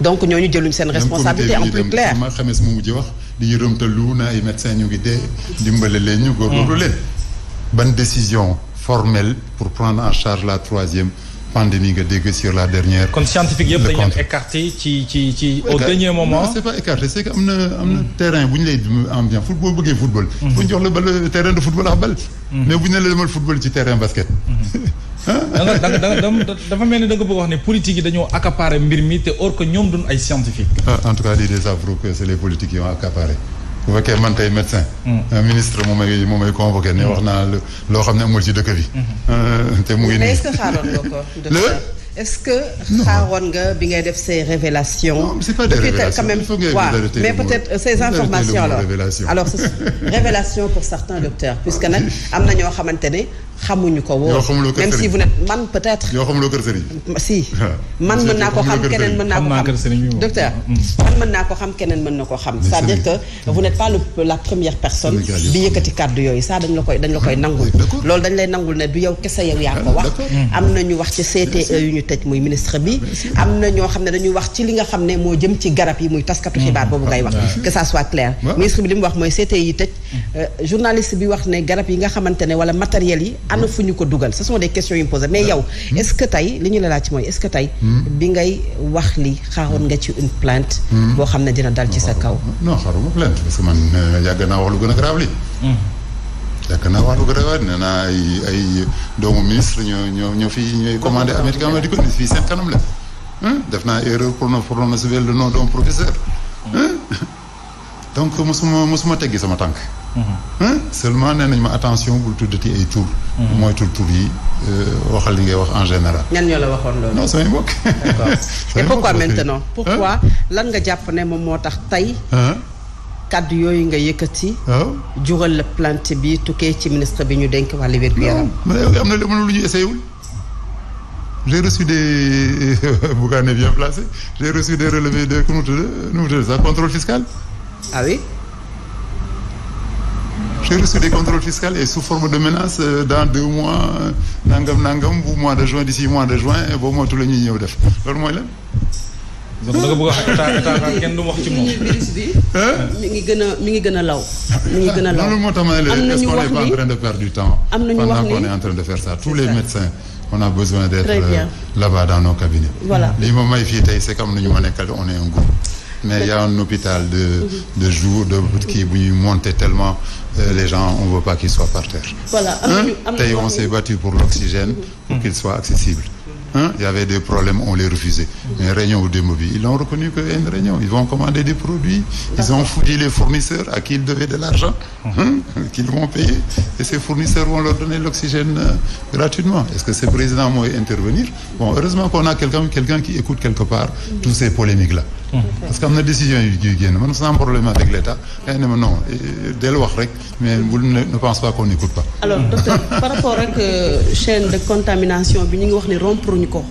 donc ñooñu jëluñ seen responsabilité en plus clair ma xames mu mujj wax di yërëmtalu na ay médecin ñu ngi dee dimbale leen ñu góorgóorlu mm. leen ban décision formelle pour prendre en charge la troisième pandémie nga dégg sur la dernière kon scientifique yëpp dañu leen écarté ci ci ci au dernier moment am na am na mm. terrain bu ñu lay ambiance football boo bëggee football bu mm. ñu jox la bal terrain de football ax bal mais bu ñu la demal football ci terrain basket da nga da nga dafa mel ni da nga bëgg wax ne politique yi dañoo accaparer mbir mi te or que ñoom duñ ay scientifique. Ah, en tout cas di désavoué que c'est les politiques yi ont accaparé bu fekkee man tey médecin. Hmm. ministre moom may moom ne wax naa loo xam ne amul ci dëkk bi. Hmm. Euh, te mu ngi mais est-ce est que xaaroon nga bi ngay def ces révélations non c'est quand même waaw mais peut euh, pour certains docteurs puisque nag am na ñoo xamante ne xamuñu ko woo. même si vous n'êtes man peut-être. yoo xamuloo kër sëriñ. si man mën naa ko xam keneen mën naa ko xam docteur na ko xam. c'est-à-dire que vous n'êtes pas la première personne. bi yëkkati kàddu yooyu saa dañ la koy dañ la koy ah, nangul. loolu dañ lay nangul ne du yow kese yow yaa ko ah, wax. am na ñu wax ci CTE yu ñu tëj muy ministre bi. am na ñoo xam ne dañuy wax ci li nga xam ne moo jëm ci garab yi muy taskatu mm. xibaar boobu ngay wax. Ah, que ça soit clair ministre bi li mu wax mooy CTE yi tëj Euh, journaliste bi wax ne garab yi nga xamante ne wala matériel yi ana fu ñu ko dugal ce sont des questions yu posées mais yow hmm? est-ce que tey li ñu la laaj ci mooy est-ce tey hmm? bi ngay wax li xaaroon nga ci une plainte hmm? boo xam ne dina dal ci sa kaw non xaaruma plainte parce que man euh, yàgg naa wax lu gën a grave li yàgg naa wax lu gën a grave nee naa ay ay doomu ministre ñoo ñoo ñoo fi ñooy commandé américain ma ni fii seen kanam la def naa erreur pour no pour no soulever le nom d'un professeur donc mosuma mosuma teggi sama tànk seulement nee nañ ma attention bul tuddati ay tur. Mhm. mooy tur tur yi euh, waxal li ngay wax en général. ñan ñoo la waxoon loolu. non samay mbokk. et pourquoi maintenant. pourquoi lan nga jàpp ne moom moo tax tey. kàddu yooyu nga yëkkati. waaw jural la plainte bi tukkee ci ministre bi ñu denk wàllu wér bi yaram. mais am na lu ñu essayé wul. j'ai reçu des euh, Bougane bien placé j'ai reçu des relevés de nu mu tudd nu mu tudd sax contrôle fiscal. Ah j'ai reçu des contrôles fiscaux et sous forme de menace euh, dans deux mois euh, nangam nangam bu mois de juin d'ici mois de juin boobu moytu la ñuy ñëw def loolu mooy lan. donc da nga bëgg a wax état état kenn du wax ngi gën a mi ngi gën a law. mi ngi gën a law loolu moo tax ma ne est-ce qu'on n'est pas en train de perdre du temps. am na ñu wax ni pendant qu'on est tous les médecins. on a besoin d'être euh, là-bas dans li ma may fii tey c'est comme ni ma nekkal on est un mais il y a un hôpital de de jour de kii bu ñuy monter tellement euh, les gens on veut pas qu'ils soient par terre. voilà tey on s'est battu pour l'oxygène pour mm-hmm. qu'il soit accessible. Hein? Il y avait des problèmes, on les refusait. Mm-hmm. Mais réunion au démo bi, ils l'ont reconnu que une réunion, ils des produits, ils ont fouillé les fournisseurs à qui ils devaient de l'argent, mm-hmm. hein? qu'ils vont payer et ces fournisseurs vont leur donner l'oxygène euh, gratuitement. Est-ce que ces présidents vont intervenir? heureusement qu'on a quelqu'un qui écoute quelque part parce que am na décision yu yu génn man sans problème avec l'État xëy na ma non euh, del wax rek mais bul ne pense pas qu'on n'écoute pas. alors docteur par rapport rek euh, chaîne de contamination bi ñu ngi wax ni rompre ñu ko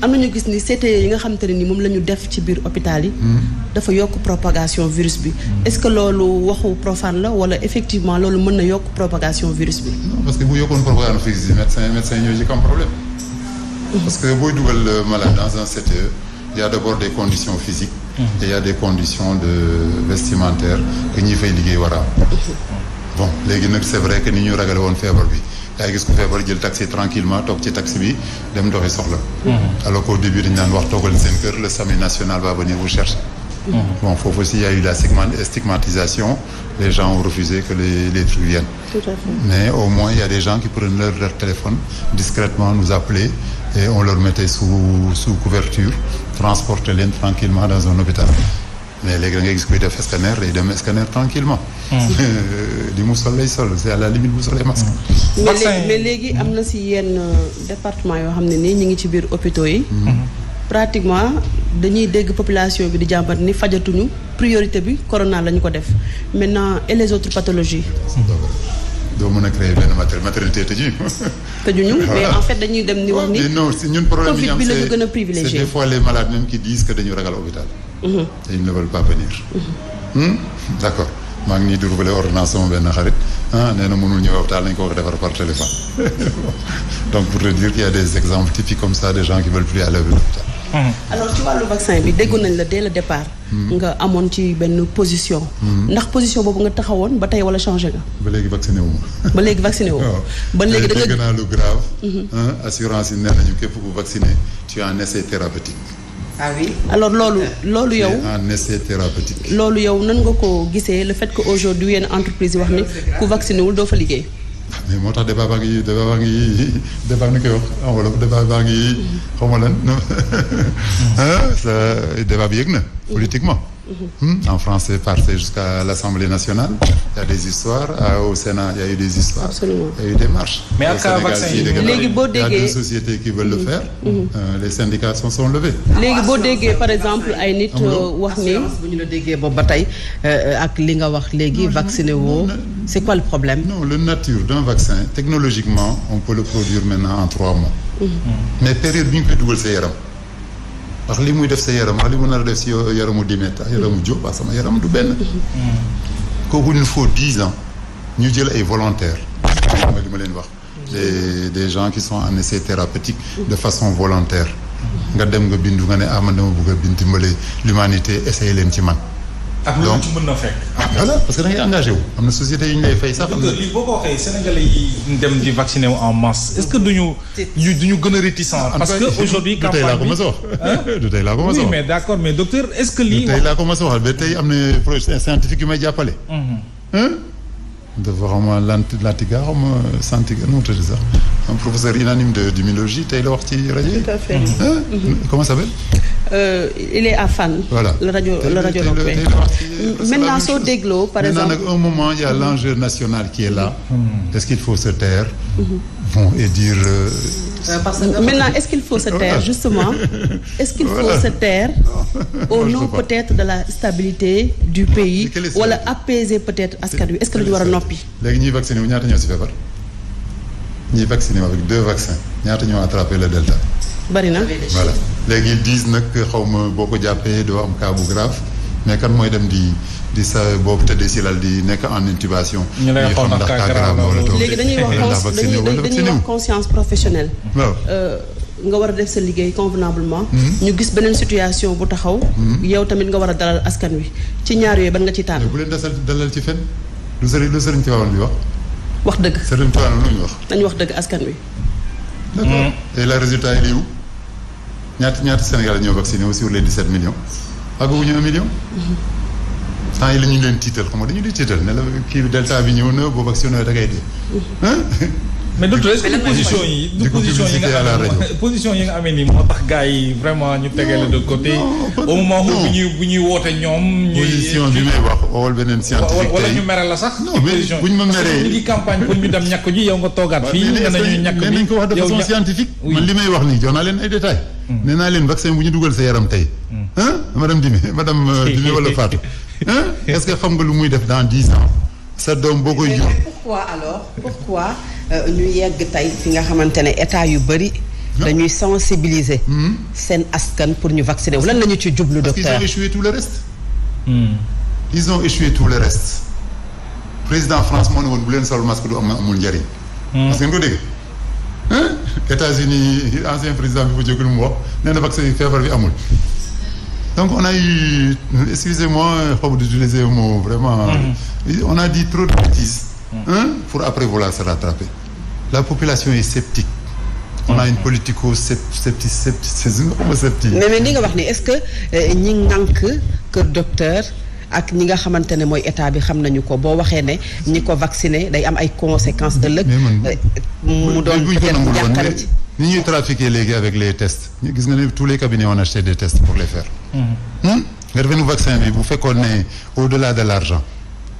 am nañu gis ni CTE yi nga xamante ne ni moom la ñu def ci biir hôpital yi. Hmm. dafa yokk propagation virus bi. Hmm. est-ce que loolu waxu profane la wala effectivement loolu mën na yokk propagation virus bi. non parce que bu yokkoon propagation virus bi médecin hmm. que booy dugal euh, malade dans un CTE. il y d'abord des conditions physiques et il y a des conditions de vestimentaire que ñi fay liggéey war a am bon léegi nag c'est vrai que ni ñu ragale woon feebar bi yaa gis ko feebar jël taxi tranquillement toog ci taxi bi dem doxi soxla mm-hmm. alors qu'au début dañu naan wax toogal seen kër le SAMU national va venir vous chercher mm-hmm. bon foofu aussi il y a eu la stigmatisation les gens ont refusé que les les viennent. mais au moins y a des gens qui prennent leur, leur téléphone discrètement nous et on leur mettait sous sous couverture transporter leen tranquillement dans un hôpital mais léegi da ngay gis kuy def scanner day dem scanner tranquillement li mu sol lay sol c'est à la limite bu solee masque mm. mais léegi am na si yenn euh, département yoo xam ne nii ñu ngi ci biir hôpitaux yi mm-hmm. pratiquement dañuy dégg population bi di jàmbat ni fajatuñu priorité bi corona la ñu ko def maintenant et les autres pathologies doo mën a créer benn matériel maternité tëjuñu. tëjuñu mais en fait dañuy dem ni wax ni. non si ñun problème bi ñu am gën a privilégié c'est des fois les malades qui disent que dañu ragal hôpital. Mhm. te ils ne veulent pas venir. Mhm. Hmm? d'accord maa ngi nii di benn xarit ah nee na hôpital nañu ko wax defar par téléphone donc pour te dire qu'il a des exemples typiques comme ça des gens qui veulent plus aller à l'hôpital. Mm-hmm. alors ci wàllu vaccin bi déggu nañ la dès le départ. Mm-hmm. nga amoon ci benn position. Mm-hmm. ndax position boobu nga taxawoon ba tey wala changé nga. ba léegi vacciné wu ma. ba léegi vacciné wu. ba léegi da nga gën a lu grave. assurance yi nee nañu képp ku vacciné tu es en essai thérapeutique. ah alors loolu. loolu yow en essai thérapeutique. loolu yow nan nga ko gisee le fait ko aujourd'hui yenn entreprise yi wax ni ku vacciné wul doo fa liggéey. mais moo tax débat baa ngi débat baa nu koy wax en wolof débat baa ngi xaw ma lan mm. ah, politiquement Hmm? En France, c'est passé jusqu'à l'Assemblée nationale. Il a des histoires. Ah, au Sénat, il a eu des histoires. Absolument. Il y a eu des marches. Mais à cas vaccin yi léegi boo déggee il y a sociétés qui veulent le faire. Mm-hmm. Mm-hmm. Euh, les syndicats sont levés. léegi boo déggee par exemple ay nit euh, wax ni. bu ñu la déggee boobu ba tey euh, ak li nga wax léegi vacciné woo. c'est quoi le problème? non le nature d'un vaccin technologiquement on peut le produire maintenant en trois mois. Mm-hmm. mais période bi ñu koy dugal yaram. ndax li muy def sa yaram ak li mu nar a def si yaramu Dimeta yaramu Diop ak sama yaram du benn. kooku il faut dix ans ñu jël ay volontaires. mooy li ma leen wax. des des gens qui sont en essai thérapeutique. de façon volontaire. nga dem nga bindu nga ne ah man dama bëgg a bind dimbale l'humanité essayé leen ci man. ak lu ci na fekk. ah parce que da engagé wu. am na société yu ñu lay fay sax. am na li boo ko waxee sénégalais yi dem di vacciner en masse est-ce que duñu ñu duñu gën a réticent. parce que aujourd'hui campagne bi du ko mos a wax. du ko mos mais d'accord mais docteur est-ce que lii. du tey laa ko mos a wax ba am na projet scientifique yu may jàppale. de vraiment Lantiga xaw ma Santiga nu mu tudd sax un professeur unanime de d'immunologie tey la wax ci comment ça euh, il est à Fann. voilà radio le radio mm-hmm. maintenant soo dégloo par exemple. maintenant nag a mm-hmm. l'enjeu national qui est là. Mm-hmm. est-ce qu'il faut se taire. bon et dire. Euh, euh, parce que maintenant est-ce qu'il faut se taire justement est-ce qu'il faut voilà. se au nom peut de la stabilité du pays wala apaiser peut-être askan wi est-ce que war a noppi léegi ñuy vacciné wu ñaata ñoo si feebar ñuy vacciné avec deux vaccins ñaata ñoo attrapé le delta bari na voilà léegi ils disent nag xaw ma boo ko jàppee doo am cas bu grave mais kan mooy dem di di sa boobu tëddee si lal di nekk en intubation. ñu lay xool ndax cas grave wala léegi dañuy wax conscience professionnelle. Euh, nga war a def sa liggéey convenablement. Hmm. ñu gis beneen situation bu taxaw. Hmm. yow tamit nga war a dalal askan wi ci ñaar yooyu ban nga ci tànn. bu leen dasal dalal ci fen lu sëriñ lu sëriñ Tivaouane bi wax. wax dëgg sëriñ Tivaouane lu ñu wax. nañu wax dëgg askan wi. d'accord hmm. et le résultat yi lii ñaata ñaata Sénégal ñoo vacciné wu sur les 17 millions. àggaguñu un million. temps yi la ñu leen tiital xam nga dañu di tiital ne la kii delta bi ñëw na boobu ak sinon da ngay dee. mais docteur est-ce que position yi. du position yi nga amee position yi nga amee nii moo tax gars yi vraiment ñu tegale de côté. au moment où ñuy bu ñuy woote ñoom. ñuy position bi may wax wala beneen scientifique wala ñu mere la sax. non mais bu ñu ma meree ñu ngi campagne pour ñu dem ñàkk ji yow nga toogaat fii. mën nañu ñàkk bi ko wax de façon scientifique. man li may wax nii jox naa leen ay détails. Mm. nee naa leen vaccin bu ñu dugal sa yaram tey. ah madame Dimi madame euh, Dimi wala Fatou. est-ce que xam nga lu muy def dans dix ans sa doom boo koy jur pourquoi alors pourquoi euh, ñu yegg tey fi nga xamante ne état yu bëri dañuy sensibiliser hmm? seen askan pour ñu vacciner wu lan la ci jublu docteur parce qu'ils ont échoué tout le reste hmm. ils ont échoué tout le reste président France moo ne woon bu leen sol masque du am amul njëriñ hmm. parce que nga ko dégg États-Unis ancien président bi fa jógul mu wax nee na yu feebar bi amul donc on a eu excusez-moi di vraiment. on a dit trop de bêtises. Hein, pour après vouloir se rattraper. la population est sceptique. on a une politico-scepticisme sceptique. mais mais li nga wax ni est-ce que ñi ngànk kër docteur. ak ñi nga xamante mooy état bi xam nañu ko boo waxee ne ñi ko vacciné day am ay conséquences ëllëg. mu doon peut-être jàkkaarloo ci. ni ñuy trafiquer léegi avec les tests gis nga ne tous les cabinets ont acheté des tests pour les faire. Hmm? nga defe ne vaccin bi bu fekkoon ne au delà de l' argent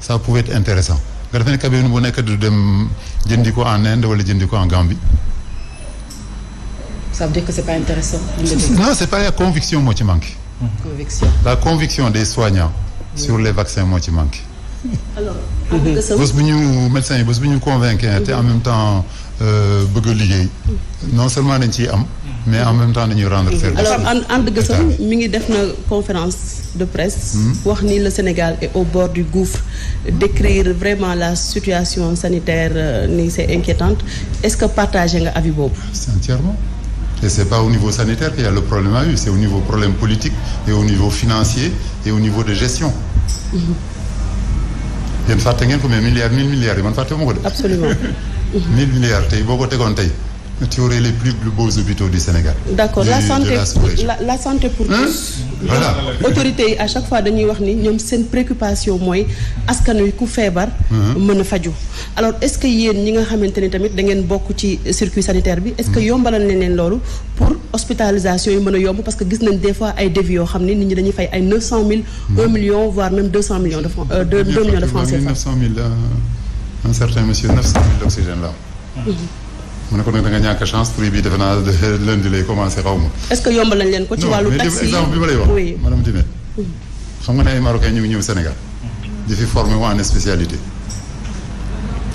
ça pouvait être intéressant nga defe ne cabine bu nekk du dem jëndi ko en Inde walla jëndi en Gambie. ça veut dire que c'est pas non c'est pas la conviction moo ci manqué. la conviction des soignants. sur les vaccins moo ci manqué. alors. bés bu ñu médecin yi bés bu ñu convaincre te en même temps. Euh, bëgg a liggéey non seulement dañ ciy am. mais en même temps dañuy rendre service. alors And Gueusseum ngi def na conférence de presse. Hmm. wax ni le Sénégal et au bord du gouffre. décrire vraiment la situation sanitaire euh, ni c'est inquiétante est-ce que partagé nga avis boobu. sincèrement et c'est pas au niveau sanitaire qu'il y le problème à eu c'est au niveau problème politique et au niveau financier et au niveau de gestion. Mhm. yéen fàtte ngeen ko mais milliards mille milliards ma ko mille milliards tey boo ko tegoon tey tu aurais les plus beaux hôpitaux du Sénégal. d'accord la santé la la santé pour tous. voilà yi à chaque fois dañuy wax ni ñoom seen préoccupation mooy askan wi ku feebar. mën a faju alors est-ce que yéen ñi nga xamante ni tamit da ngeen bokk ci circuit sanitaire bi. est-ce que yombalal leen loolu pour hospitalisation yi mën a yomb parce que gis nañ des ay devis xam ne nit ñi dañuy fay ay neuf cent mille. un million voire même deux cent millions de euh, francs deux millions un certain monsieur 900 000 d'oxygène la mu ne ko nag da nga ñàkk chance prix bi defe naa lundi lay commencé xaw ma. est-ce que yombal nañ leen ko. ci wàllu taxi exemple bi ma lay wax. oui madame xam nga ne ay marocains ñu ngi ñëw Sénégal. Mm-hmm. di fi formé wu en spécialité.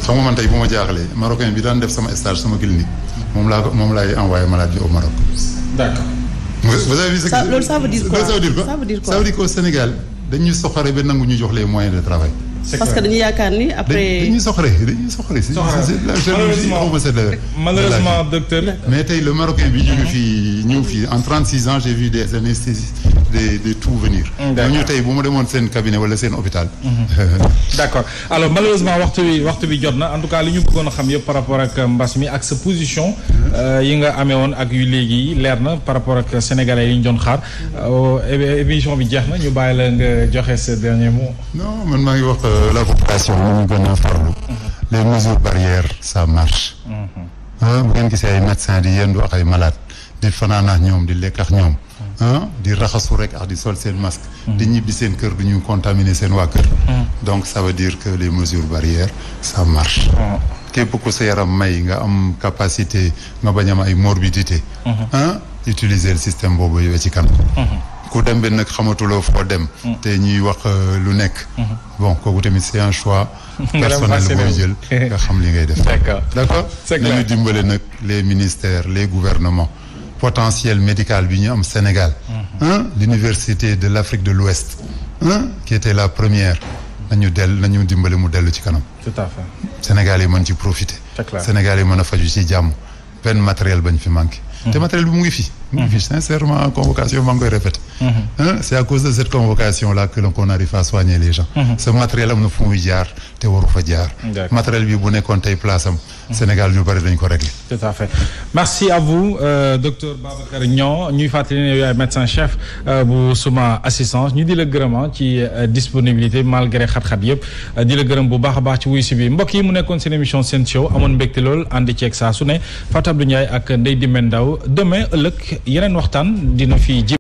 xam nga man tey bu ma jaaxlee marocain bi daan def sama stage sama clinique moom laa ko moom laay envoyé malade bi au Maroc. d'accord. vous avez vu ça loolu sa veut dire quoi ça veut dire Sénégal dañ ñu soxare nangu ñu jox les moyens de parce que dañuy yaakaar ni après. dañuy soxore dañuy soxore si. malheureusement malheureusement docteur. mais tey le marocain bi ñu ngi fii ñëw fii en 36 ans j'ai de tout venir. d'accord tey bu ma demoon seen cabinet wala seen hôpital. Mhm. d'accord alors malheureusement waxtu bi jot na en tout cas li ñu bëggoon a xam yëpp par rapport ak mbas mi ak sa position. Euh, yi nga amee ak yu léegi leer na par rapport ak sénégalais yi ñu doon xaar euh, émission bi jeex na ñu la nga joxe sa dernier mot. non man maa ngi euh, Euh, la population mu ñu gën a farlu les mesures barrières ça marche mm-hmm. bu ngeen gisee ay médecin di yendu ak ay malade di fanaan ak ñoom di lekk ak ñoom mm-hmm. di raxasu rek ak di sol seen mask mm-hmm. di ñibbi seen kër du ñu contaminer seen waa kër donc ça veut dire que les mesures barrières sa marche képp ko sa yaram may nga am capacité nga bañ am ay morbidité utiliser le système boobu yowee ci kanam ku dem bi nag xamatuloo foo dem. Mm. te ñuy wax euh, lu nekk. Mm-hmm. bon kooku tamit c'est un choix. personnel booy jël nga xam li ngay def. d'accord d'accord nañu dimbale nag les ministères les gouvernements potentiel médical bi ñu am Sénégal. Mm-hmm. l'université de l'Afrique de l'Ouest. qui la première. nañu del nañu dimbale mu dellu ci kanam. à fait. Sénégal yi man ci profiter. Sénégal yi mën a faju ci jàmm. pen matériel bañ fi manqué. Mm-hmm. te matériel bi mu ngi fi. Fichtin serment convocation maa ngi koy répété c'est à cause de cette convocation là que l'on arrive à soigner les gens ce matériel am na fu muy jaar te waru bu nekkoon tey place am Sénégal ñu bëri dañ ko réglé tout merci à vous euh, docteur Babacar ñuy fàttali ne yaay médecin chef euh, bu suma assistance ñu di la ci disponibilité malgré xat-xat yëpp di la bu baax a baax ci wuy si bi mbokk mu nekkoon seen émission seen show amoon mbégte lool ànd ceeg saa su ne Fatou Abdou ak Ndeye Dimbe Ndaw demain ëllëg yeneen waxtaan dina fi